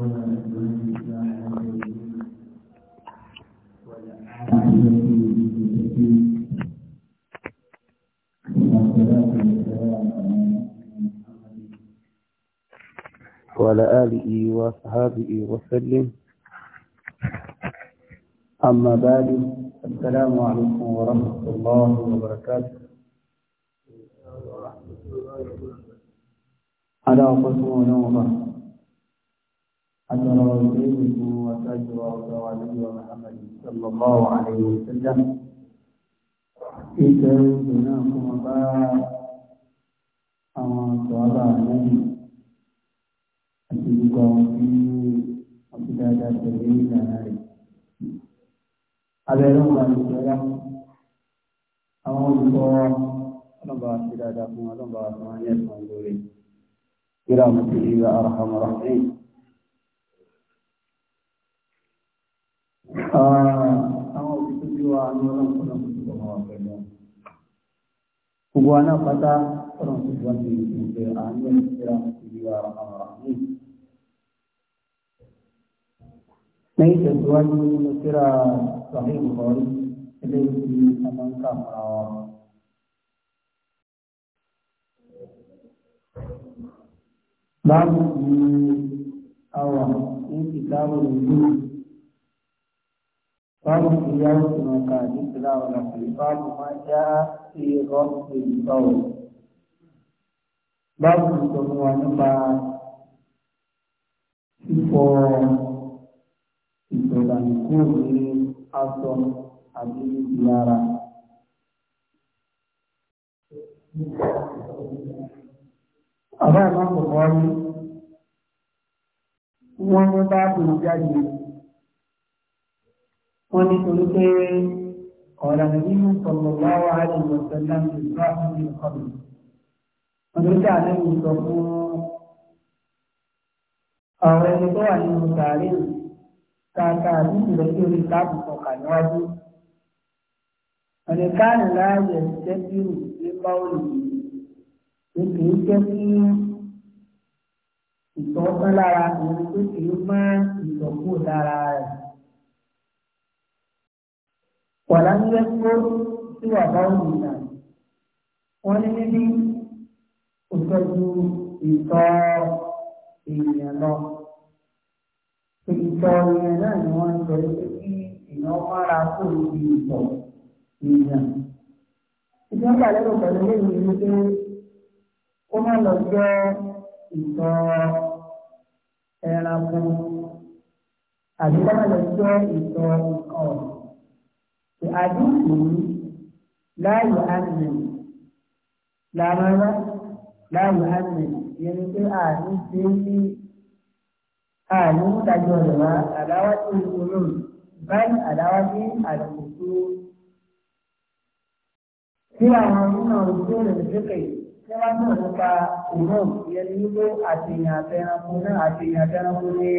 وعلى آله وصحابه وسلم أما بعد السلام عليكم ورحمة الله وبركاته على قسم ونوبة أثر رسوله وسجد ونبي محمد صلى الله عليه وسلم إذا بناكم باء أما صلى النبي أتبقى في أبداد سبيل ناري أبدا ما نسأل أما صلى الله عليه وسلم أبدا ما نسأل الله عليه وسلم إلى مسيحي وأرحم الراحمين àwọn òbí tó bí wa ní ọlọ́pọ̀lọ́ gbogbo aná pátá ọ̀nà tó wá sí ìgbẹ́ àánú ìgbéra ìlú ara àwọn àmì. lẹ́yìn tẹ̀síwájú nínú síra sàmì ìkọ̀rí eléyìí tí a máa wa. báwo ni àwọn ní ìlú باب صيام مكان لا ولا باب ما جاء في رفض القول باب تنوى نبا fífọ ìsọdàníkú ní aṣọ àbí ibi ara. àbá ìmọ̀ kọ̀ọ̀kan wọ́n ní bá tó wọ́n ní torí pé ọ̀rọ̀ nínú sallallahu alaihi wa sallam ti bá fún mi kọ́lù. wọ́n tó tà ní ìsọ fún ọ̀rọ̀ ẹni tó wà nínú sàárè kàkà àti ìrẹ́ tí orí ní báwòlù jẹ́ kí ìtọ́sán lára ìrìn tó kì mọ́ ìtọ́kù lára rẹ̀ wàlá ń lé kó sí wàbá òun náà wọ́n ní níbí òṣèlú ìtọ́ èèyàn lọ ìtọ́ èèyàn náà ni wọ́n ń sọ pé kí èèyàn mára kó ibi ìtọ́ èèyàn ìjọba lérò pẹ̀lú lẹ́yìn ní pé ó má lọ jẹ́ ìtọ́ ẹranko àbí kọ́ má lọ jẹ́ ìtọ́ nǹkan حديثه لا يؤمن لا ماذا لا يؤمن يعني في آدم في آدم تجربة علاوة القلوب بل علاوة الأصول tí àwọn nínú ojú rẹ̀ lókè tí wọ́n náà nípa ìmọ̀ ìyẹn ní wípé àtìyàn àtẹranko náà àtìyàn àtẹranko ní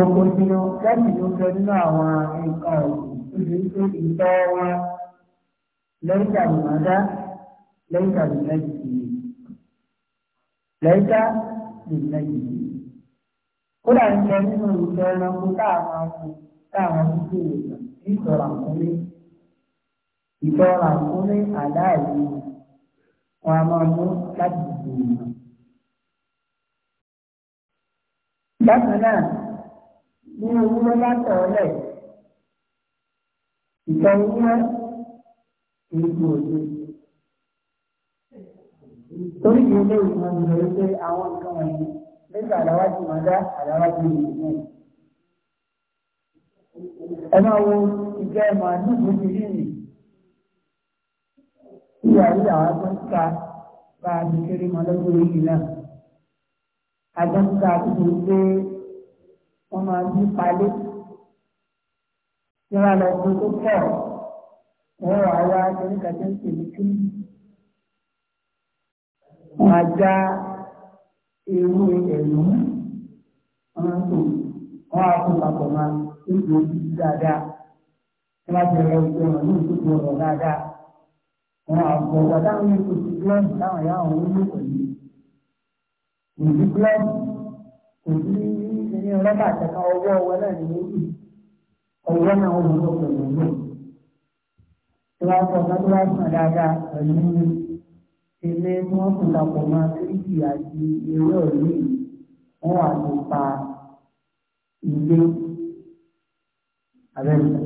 oko tí ó lẹ́yìn tó jọ nínú àwọn nǹkan ọ̀gbìn wípé ìtọ́ wa lẹ́yìnká ìmọ̀dá lẹ́yìnká ìmọ̀dá lẹ́yìnká ìmọ̀dá. kódà ń jẹ nínú ìjọ ẹranko táwọn fún táwọn fún ìwòsàn ìtọ́ ràkúnmí ìtọ́ ràkúnmí àdáàlú wọn a máa mú láti dìbò ìmọ̀. bákan náà nínú wúlọ́lá tọ̀ ọ́ lẹ́yìn ìtàníyà ìlú òde. Torí kìí lé ìmọ̀ ìbẹ̀rẹ̀ pé àwọn nǹkan wọ̀nyí nígbà àdáwájú máa dá àdáwájú ìlú náà. Ẹ máa wo ìjẹ́ ìmọ̀ àdúgbò ti rí nì. Ìyá rí àwọn tó bá a ti kéré mọ́ lọ́jọ́ yìí náà. Àjọ ń gbé wọ́n máa ń bí palé tí wọ́n lọ sí tó pọ̀ wọ́n wà wá oníkà tó ń pè ní kí wọ́n á já ewu ẹ̀lú wọ́n á tó wọ́n á tó papọ̀ máa ń lò ó dáadáa tí wọ́n ti rẹ ìgbẹ́ wọn ní ìtòkò ọ̀rọ̀ dáadáa wọ́n á bọ̀ wọ́n táwọn yóò tó ti gílọ́ọ̀mù táwọn yà wọ́n wúlò pẹ̀lú ìdí gílọ́ọ̀mù kò sí ní rọ́bà tẹ̀ka ọwọ́ ọwọ́ náà ní méjì ọ̀wọ́ náà ó wúlò pẹ̀lú ìlú. Tí wọ́n sọ fún tí wọ́n sàn dáadáa pẹ̀lú ilé tí wọ́n kò dàpọ̀ mọ́ síríkì àti eré òní wọ́n wà ló pa ilé abẹ́rẹ́.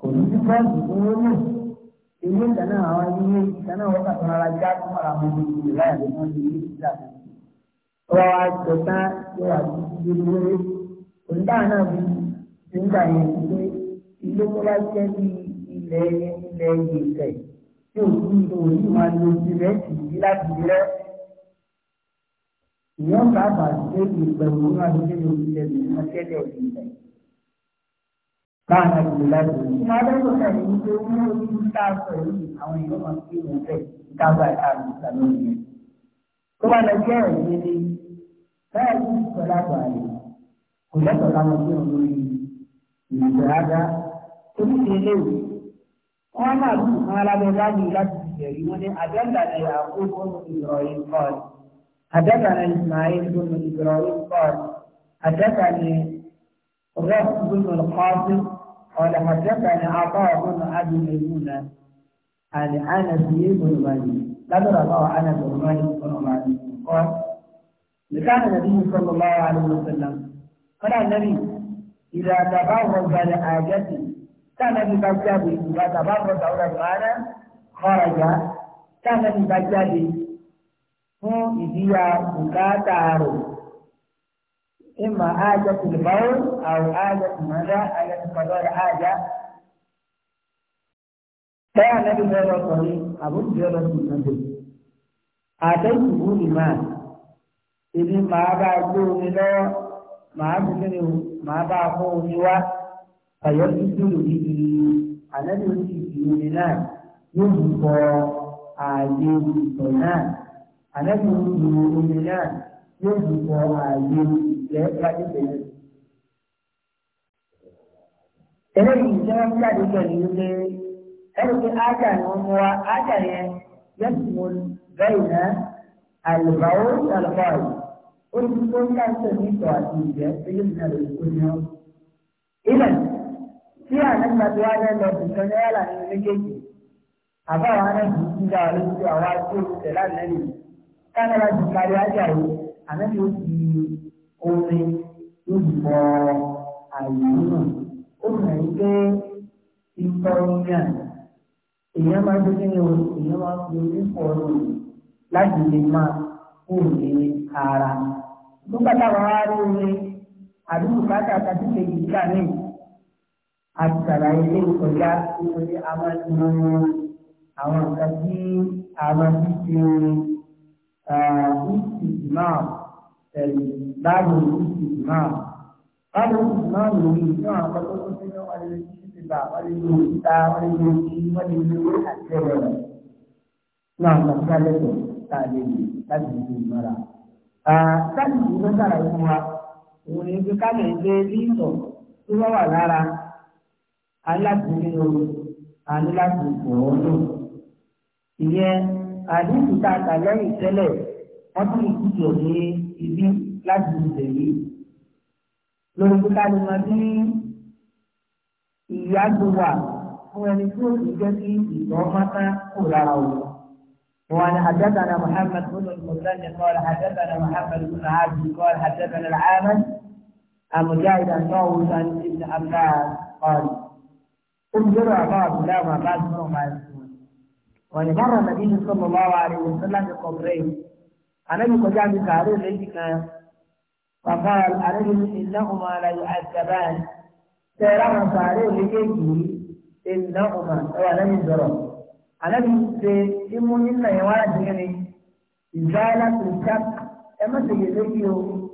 Kò ní sí bọ́ọ̀sì tó wọ́n lò. Ilé ìdáná àwọn ilé ìdáná wọ́n kàtó ara já tó mọ̀ra mọ́ ní ìlú láyà mọ́ ní ilé ìdá. Wọ́n wá yóò wá sí ilé Òǹdà náà bí nígbà yẹn ti dé ilé tó bá jẹ́ bí ilẹ̀ ilẹ̀ ìgbésẹ̀ tí òkú tó òní máa lo tirẹ̀ tìbí láti rẹ́. ìyá ọ̀gá àbá ṣe ìgbẹ̀wò náà ní ilé ìgbésẹ̀ ní akẹ́lẹ̀ ìgbésẹ̀. káàná ìlú láti rí. ìyá adájọ́ náà ní pé wọ́n ní orí ń tà sọ yìí àwọn èèyàn máa fi wọn fẹ́ dábàá ìtàlù ìtàlù tó bá lọ jẹ́ ẹ̀yìn ni báyà yìí kò lẹ́tọ̀ọ́ láwọn gbé wọn lórí ìrìnàjò oníṣe léwu wọn máa dùn kan alábẹ báyìí láti ṣe èyí wọn ní àdẹ́gbà ní àkókò ìrọ̀lẹ́ kọ́ọ̀lù àdẹ́gbà ní Ismail gbọ́nà ìrọ̀lẹ́ kọ́ọ̀lù àdẹ́gbà ní rẹ́f gbọ́nà kọ́ọ̀lù ọ̀là àdẹ́gbà ní abọ́ ọ̀gbọ́nà adùnmẹ̀gbọ́nà àlẹ́ ànàbí gbọ́nà báyìí lábẹ́rẹ́ àbáwọ̀ ànàbí gbọ́nà báyìí kọ́ọ̀lù لكان النبي صلى الله عليه وسلم قال النبي إذا تباوض بعد حاجته كان يبجى به وتبرد أولا المعنى خرج كان يبجى به fún ìdíyà bùkátà rẹ̀ ìmọ̀ ájá tìlùbáwò àwọn ájá tìmọ̀dá ájá tìmọ̀dọ́rẹ̀ ájá. Bẹ́ẹ̀ nẹ́bí bẹ́ẹ̀ lọ sọ̀rí àbújá bẹ́ẹ̀ lọ sí ìtọ́jú. Àtẹ̀sùwú ni máa èmi máa bá gbé omi lọ́wọ́ màá ni màá bá fún omi wá fàyọ́ sí dúró níbi àlẹ́lẹ́ oṣù ìrìnnì náà yóò mú bọ ààyè ìtọ̀ náà àlẹ́lẹ́ oṣù ìrìnnì náà yóò mú bọ ààyè ìjẹ́ gbajúgbẹ̀ náà. eléyìí tí wọ́n jáde pẹ̀lú ilé ẹni pé ájà ni wọ́n mú wa ájà yẹn yẹ́sì mo bẹ́ẹ̀ náà àlùbáwò àlùbáwò ó ti tó ń ká sẹ́yìn ìtọ̀ àti ìjẹ́ eléyìí náà lè kó ní ọ́. tí àlẹ́gbà tí wọ́n á lọ sí kan náírà ní méjèèjì àbáwọn anábì ń dá ọ̀rẹ́ sí àwọn àti òṣìṣẹ́ lánàá kánára ti parí ájà yìí ó fi orin ló ti bọ àyè ó pé èèyàn máa tó kí ni o èèyàn máa ń fi orí pọ̀ lò láti lè máa kú ara nígbà àtàrà ilé ìkọjá nítorí amánimọ́ àwọn nǹkan tí amánimọ́ ìsìmáà tẹ̀lé báàbò ìsìmáà. báàbò ìsìmáà ló ń yí náà kọ́kọ́ tó tẹ́lẹ̀ wọ́n lè ní ìsìnbà wọ́n lè ní ìta wọ́n lè ní ìdí wọ́n lè ní ìwé àti ẹ̀rọ rẹ̀. náà kàn sí alẹ́ tó tá a lè lè láti ní ìmọ̀ra. láti ìdí wa òun ni pé ká lè gbé bí ìtọ̀ tó wà lára alágbèéyò alágbèéyò ọ̀hún. ìyẹn àdéhùn tá a kà lẹ́yìn tẹ́lẹ̀ wọ́n tún ìkújọ ní ibi láti ìbẹ̀ yìí. lórí kíkà ni wọ́n ti ìyá tó wà fún ẹni tó ti jẹ́ kí ìtọ́ mọ́tá kò lára o. وعن حدثنا محمد بن المثنى قال حدثنا محمد بن عبد قال حدثنا العامل عن مجاهد عن طاووس عن ابن عباس قال انظروا أبا عبد الله وأبا عمر مع السنة ولمر النبي صلى الله عليه وسلم بقبرين أنا بقجع بكارون عندك فقال أنا إنهما لا يعذبان سيرى مصاري لكيكي إنهما ولا ينظرون أنا بسيمو إلا يوانا تغني إزالة الشك أما تجي لكيو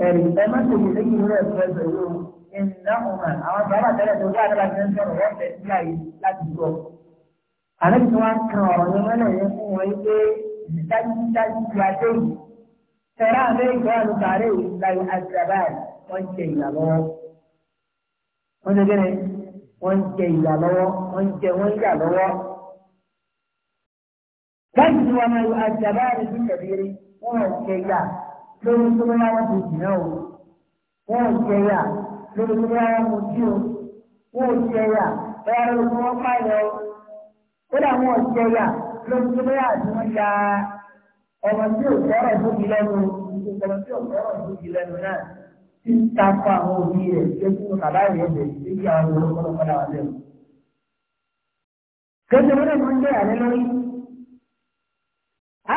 أما تجي لكيو لا ìnáhùnmá àwọn sábà tẹ́lẹ̀ tó dáa dábàá ti ń sọ̀rọ̀ wọ́n fẹ́ sílá yìí láti gbọ́. àlẹ́ tí wọ́n kan ọ̀rọ̀ yẹn wọ́n lọ́yẹ̀ fún wọn yìí pé dájúdájú ti adé yìí tẹ̀rẹ́ àbẹ́ ìgbọ́ àlùkàrẹ́ yìí láyé àdìrẹ́bà wọ́n jẹ ìyà lọ́wọ́. wọ́n ṣe kéde wọ́n jẹ ìyà lọ́wọ́ wọ́n jẹ lórí bí wọ́n mú jí o wọ́n ò jẹ yà ẹ̀yà lórí bí wọ́n pààyàn o ó dà wọ́n ò jẹ yà lórí bí wọ́n tí wọ́n ya ọmọ tí ò sọ̀rọ̀ tóbi lẹ́nu ọmọ tí ò sọ̀rọ̀ tóbi lẹ́nu náà tí ń ta fún àwọn òbí rẹ̀ tó kú bàbá rẹ̀ bẹ̀ tí kí àwọn olórúkọ lọ kọ́dà wà lẹ́nu. Gẹ́gẹ́ bí wọ́n jẹ́ àlẹ́ lórí.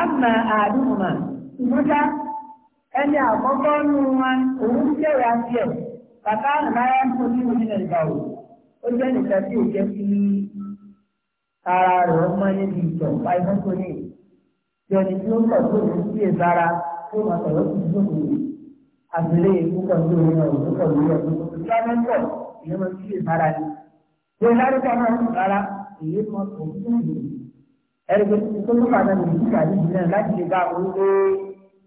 Àmà àdúgbò mà, ìmúta ẹni àkọ́kọ́ nù wọn òun jẹ́ ìyá tiẹ̀ bàbá àlùmáyà ń tóbi nínú ìgbà wò ó jẹ́ nìkan tí ò jẹ́ kí ara rẹ̀ ọmọ níbi ìtọ̀ pàìmọ́ tó ní ìjọni tí ó pọ̀ tó ní sí ìzára tó máa sọ̀rọ̀ sí ìjókòó àbúlé púpọ̀ tó ní ọ̀rọ̀ púpọ̀ ní ọ̀rọ̀ tó máa ń pọ̀ ìyẹn máa ń sí ìzára ni. Bí lárúkọ náà ń rárá èyí kan kò tún lè ẹgbẹ́ tó ló padà lè yíkà níbi náà láti lè bá orí pé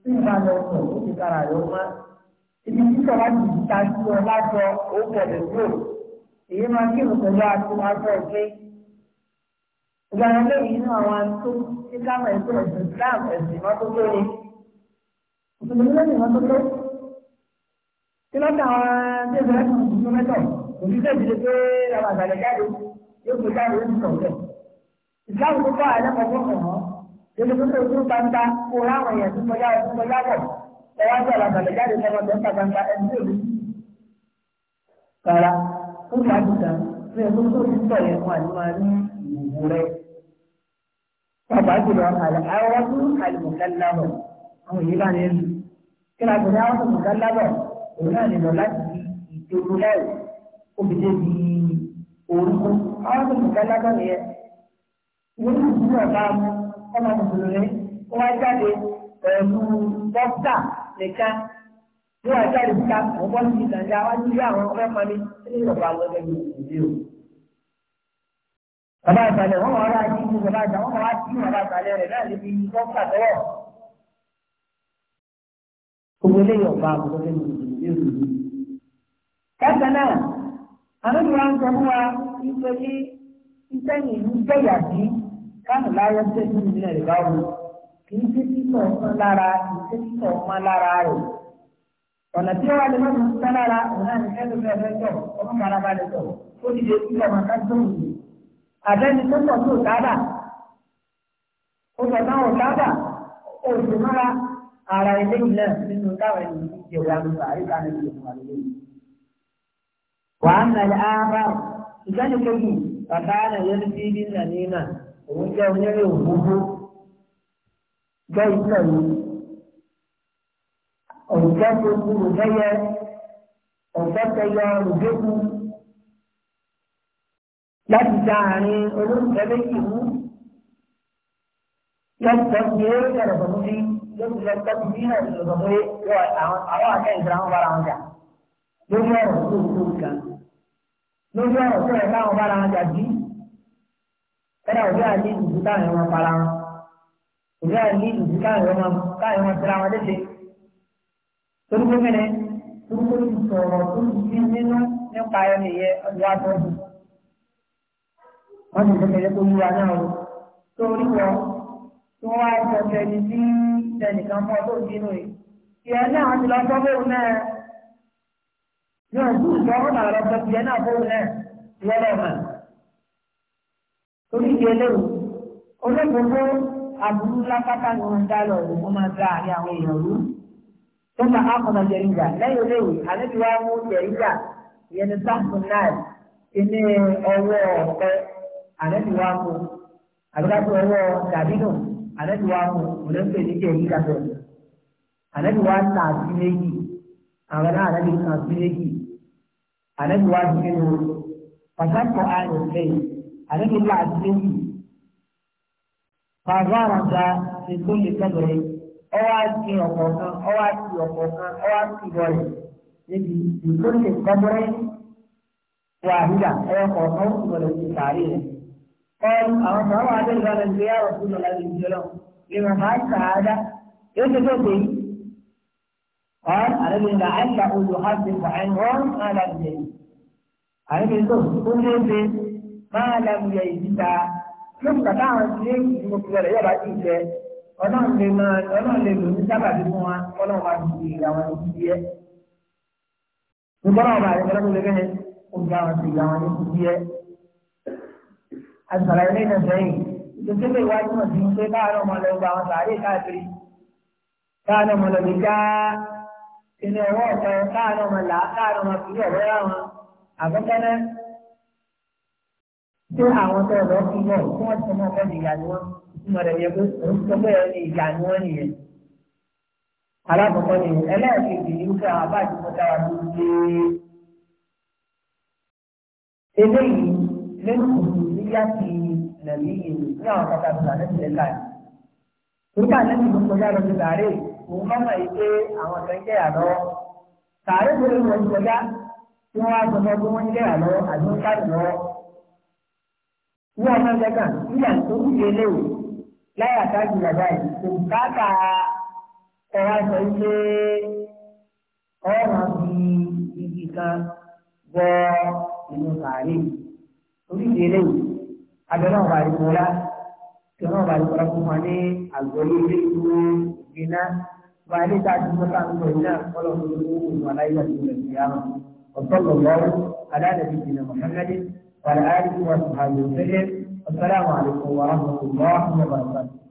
tí ìbá lọ ibi títọ̀ láti ta sí ọ lájọ òkèlè gbò èyí máa kí ìrùkọ̀lọ́ àti wọn sọ pé ìgbà wọn lè yí inú àwọn tó tí káwọn ẹ̀sìn ẹ̀sìn islam ẹ̀sìn mọ́tótó ni ìṣòro lẹ́yìn mọ́tótó tí lọ́tà àwọn tẹ̀sán láti mú ìṣòro mẹ́tọ̀ òbí tẹ̀sí pé àwọn àgbàlẹ̀ jáde yóò fi jáde ó ti sọ̀ bẹ́ẹ̀ islam kọ̀ọ̀kọ̀ ẹwà gbọ́dọ̀ àgbàdo jáde ní ọmọdé ńta gbangba ẹni tó lù. Kàrà ó ti àgùntà ní ẹgbẹ́ tó ti tọ̀ yẹn wọn àti máa ní ìwò rẹ̀. Bàbá jùlọ àlẹ́ àwọn ọdún àlùmọ̀ká lábọ̀ àwọn èyí bá ní lù. Kí ni àgbẹ̀dẹ àwọn àlùmọ̀ká lábọ̀ òun náà nílò láti ìdòdó láì obìnrin bí orúkọ. Àwọn àlùmọ̀ká lábọ̀ yẹn ìwé ìdúró ọ̀gá ọmọ mùsùlùmí ó wá jáde pẹ̀lú dókítà nìkan ní wàá jáde síta àwọn bọ́ọ̀lù ti dàjà wájú ilé àwọn ọmọ ẹ̀fọn ni ní ìrọ̀bà lọ́dọ̀ ní ìdílé o. bàbá àtàlẹ̀ wọ́n wọ́n rà ní bàbá àtàlẹ̀ wọ́n wá sí bàbá àtàlẹ̀ rẹ̀ náà níbi dókítà tọ́wọ̀. gbogbo eléyìí ọ̀bá àbúrò lẹ́nu ìdílé o. bákan náà àwọn ìwà ń sọ fún wa nítorí ìtẹ́yìn ìlú gbẹ̀yà sí káàmù láyọ̀ kì í ṣe títọ̀ ọ̀kan lára kì í ṣe títọ̀ ọ̀kan lára rẹ̀. ọ̀nà tí wàá lè má ti sá lára ọ̀nà ìṣẹ́lẹ̀ bẹ́ẹ̀ bẹ́ẹ̀ tọ̀ ọmọ kan lára rẹ̀ tọ̀ ó ti lè fi ọmọ ká tó òye. àbẹ́ni tó tọ̀ tó dábà ó tọ̀ náà dábà ó sì mára ara eléyìí náà nínú táwọn ẹni ìjẹ̀wé àgbà àríkà ní ìjẹ̀wé àgbà wàá nàlẹ́ ààbà ìjọ́ni kejì bàbá náà yẹn ti dín nàní náà òun jẹ́ onírè òfófó bẹ́ẹ̀ náà ni ọ̀gá gbogbo òbẹ́yẹ ọ̀gá tẹyọ òdekù láti da àárín olóńgbẹ méjì mú lọ́pọ̀ ní ó yàrá pẹ̀lú bí lórí lọ́pọ̀ tí bí náà lọ́pọ̀ pé àwọn àtẹ ìdíra wọn bára wọn jà lórí ọ̀rọ̀ tó tó ga lórí ọ̀rọ̀ tó yẹ káwọn bára wọn jà bí ẹ̀rọ òbí àti ìdìbò táwọn ẹ̀rọ wọn bára wọn ìyá ní ìdí káyọ̀ máa káyọ̀ máa tẹ̀lé àwọn léṣe. torí pé mẹ́rẹ̀ torí pé sọ̀rọ̀ tó ti nínú nípa ẹni yẹ ọjọ́ àtọ́jú. wọ́n ti tẹ̀lé kó yíwa náà o. torí wọ tí wọ́n wá sọ tẹ̀lé tí tẹnìkan mọ́ tó dínú yìí. ìyá náà ti lọ sọ fóun náà. yóò tún sọ ọ́ náà lọ sọ ìyá náà fóun náà ìwọ́lẹ̀ mọ̀. torí ìdí aburú lápáta ni wọ́n ń dá lọ òun wọ́n máa ń dá àárín àwọn èèyàn rú. tó máa á kọ̀nà jẹ ìjà lẹ́yìn olóòwò àlejò wa mú jẹ ìjà ìyẹn ní samson náà inú ọwọ́ ọ̀pẹ àlejò wa mú àbíkájú ọwọ́ dàbínú àlejò wa mú òlẹ́sẹ̀ ní jẹ ìjà tó. àlejò wa nà sí méjì àwọn náà àlejò nà sí méjì àlejò wa dùn nínú pàtàkì àlejò lẹ́yìn àlejò là sí méjì. fàbára gba ètò lè tẹ̀lé ọwọ́ àti ọ̀pọ̀ kan ọwọ́ àti ọ̀pọ̀ kan ọwọ́ àti ìbọ̀rẹ̀ níbi ètò lè tẹ̀lé wà nígbà ẹ̀yọ kọ̀ọ̀kan ó sì ti sàárè rẹ̀. ọ̀run àwọn kan wà lórí ìbára ìgbé yàrá òkú lọ́la lè jẹ́ lọ ìrìn àmà sàádá yóò ṣe tó pé ọ̀run àlejò àìsà olù máa lé yóò kà táwọn ilé ìgbìmọ̀ ìpìlẹ̀ rẹ̀ yọ̀bá ti jẹ ọlọ́run lè máa ọlọ́run lè lò ní sábàbí fún wa ọlọ́run wa ti ìyá wọn ní ti yẹ. ìgbọ́nà ọba àti ọlọ́run lè bẹ́ẹ̀ ó gba àwọn ti ìyá wọn ní ti yẹ. àgbàlá ilé náà sẹ́yìn ìdókòwò ìwádìí wọn ti ń pé káàárọ̀ ọmọ lọ gba àwọn sàárè káàkiri káàárọ̀ ọmọ lọ lè já ilé ọwọ́ ọ̀fẹ́ káàárọ̀ ọmọ là ṣé àwọn tẹ́ lọ sí náà tí wọ́n ti mọ ọ̀fẹ́ ní ìyá ni wọ́n túmọ̀ rẹ̀ yẹ pé òun sọ pé ẹni ìyá ni wọ́n nìyẹn. alákọ̀ọ́kọ́ ni ẹlẹ́ẹ̀kejì ní wípé àwọn abáàdì mọ́ dára ló dé. eléyìí lẹ́kùn níyà ti nàbí yìí ní àwọn kàkà bùrà lẹ́sìn lẹ́ka yìí. nígbà lẹ́sìn ló kọjá lọ sí sàárè òun bá mọ̀ pé àwọn kan jẹ́ àlọ́ sàárè tó lè wọ ní ọmọ ẹgbẹ́gàn nígbà tó ń ṣe léwu láyé àtàjù bàbá yìí kò káàkà ọ̀rọ̀ aṣọ ilé ọ̀rọ̀ bí igi kan bọ́ inú sàárè oríṣi léwu abẹ́rẹ́ ọ̀rọ̀ àdìmọ́lá tí wọ́n bá lọ́kọ́ fún wa ní àgbọ̀lé ilé ìlú ìgbìnà wà ní ìtajú mọ́tà ń bọ̀ iná ọlọ́run ló ń wò wọn láyé àti ìrẹsì àwọn ọ̀tọ́ lọ́wọ́ adáàdàbí ìdìnnà وعلى آله وصحبه وسلم والسلام عليكم ورحمة الله وبركاته